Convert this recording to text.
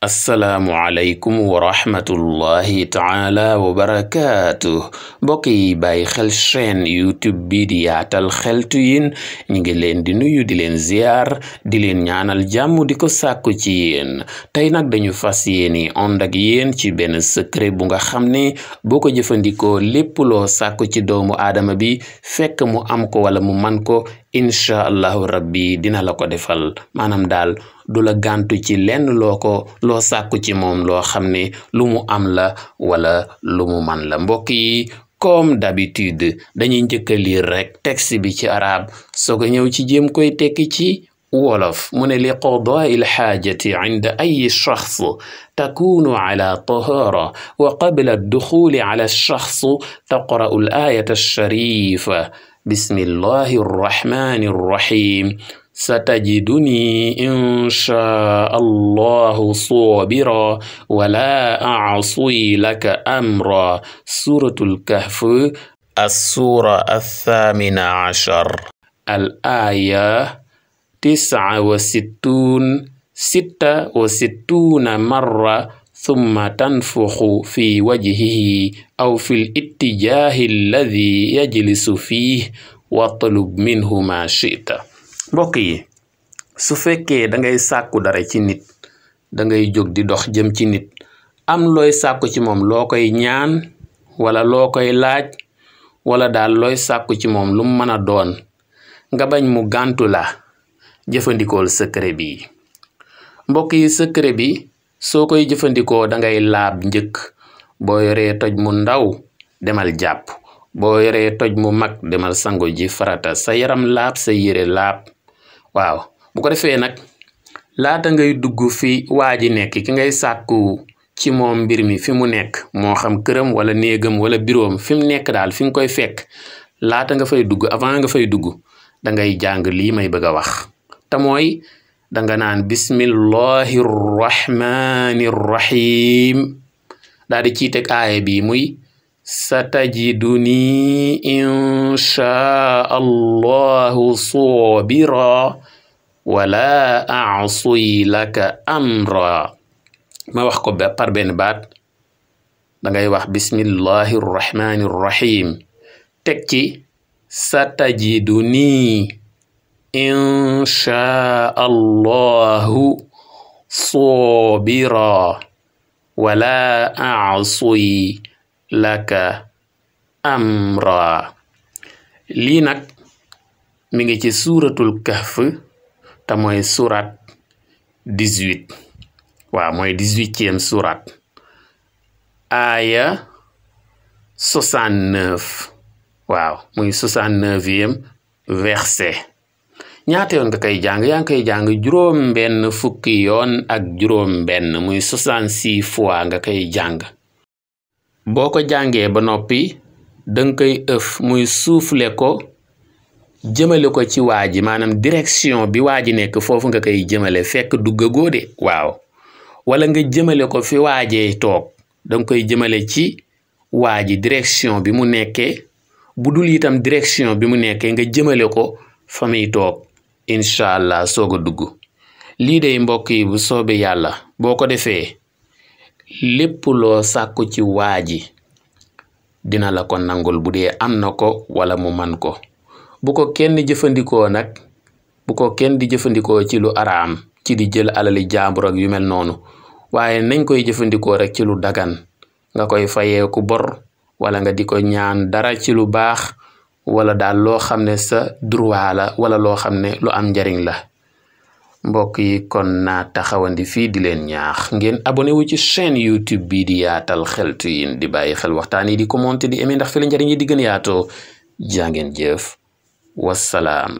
assalaamu aleykum wa rahmatullahi taala wa barakaatu mbokk yi bàyyi xel chaîne youtube bi di yaatal xeltu yin ñu ngi leen di nuyu di leen ziyaar di leen ñaanal jàmm di ko sàkku ci yéen tey nag dañu fas yéeni ànd ak yéen ci benn secret bu nga xam ne boo ko jëfandikoo lépp loo sàkku ci doomu aadama bi fekk mu am ko wala mu man ko incha allahu rabbi dina la ko defal maanaam daal du la gàntu ci lenn loo ko loo sàkku ci moom loo xam ne lu mu am la wala lu mu man la mbokk yi comme d'habitude dañuy njëkk a lire rek texte bi ci arab soo ko ñëw ci jéem koy tekki ci wolof mu ne li qadaai alxaajati inda ayi shaxs takunu ala tahara wa qabla adduxuli ala alshaxs taqra'u alayata alsharifa bismi llahi arrahmani arrahim satajiduni insha allahu sabira wala acsi laka amra suratul kahf assura athamina ashar al aya tis'a wa sittun sitta wa sittuna marra thumma tanfuxu fi wajhihi aw fil ittijaahi alladi yajlisu fiih watlub minhu ma shita mbokk yi su fekkee dangay ngay sàkku dara ci nit dangay ngay jóg di dox jëm ci nit am looy sàkku ci moom loo koy ñaan wala loo koy laaj wala daal looy sàkku ci moom lum mën a doon nga bañ mu gantu la jëfandikool secret bi mbokk yi secret bi soo koy jëfandikoo dangay laab njëkk boo yoree toj mu ndaw demal jàpp boo yoree toj mu mag demal sango ji farata sa yaram laab sa yére laab waaw bu ko defee nag laata ngay dugg fi waa ji nekk ki ngay sàkku ci moom mbir mi fi mu nekk moo xam këram wala néegam wala buroom fi mu nekk daal fi nga koy fekk laata nga fay dugg avant nga fay dugg dangay jàng lii may bëgg a wax te danga naan bismillahi rrahmani rrahim daal di teg aaya bi muy satajiduni inchaa allahu soobira wala asuy laka amra ma wax ko par benn baat da ngay wax bismillahi rrahmani inchaa allahu soobira wala asuy laka amra lii nag mi ngi ci suuratul kahf te mooy surat 18 waaw mooy 18e surat aaya 69 waaw muy 69e verset ñaata yoon nga koy jàng yaa ngi koy jàng juróom benn fukki yoon ak juróom benn muy si fois nga koy jàng boo ko jàngee ba noppi danga koy ëf muy suufle ko jëmale ko ci waa ji maanaam direction bi waa ji nekk foofu nga koy jëmale fekk duggagoo de waaw wala nga jëmale ko fi waajee toog danga koy jëmale ci waa ji direction bi mu nekkee bu dul itam direction bi mu nekkee nga jëmale ko fa muy toog incha allah soog a dugg lii day mbokk yi bu soobee yàlla boo ko defee lépp loo sàkku ci waa ji dina la ko nangul bu am na ko wala mu man ko bu ko kenn jëfandikoo nag bu ko kenn di jëfandikoo ci lu araam ci di jël alali jaambur ak yu mel noonu waaye nañ koy jëfandikoo rek ci lu dagan nga koy fayee ku wala nga di ko dara ci lu baax wala daal loo xam ne sa droit la wala loo xam ne lu am njariñ la mbokk yi kon naa taxawandi fii di leen ñaax ngeen abonné wu ci chaîne YouTube bi di yaatal xeltu yin di bàyyi xel waxtaan yi di commenté di aimé ndax fi la njariñ yi di gën yaatoo jaa ngeen jëf wasalaam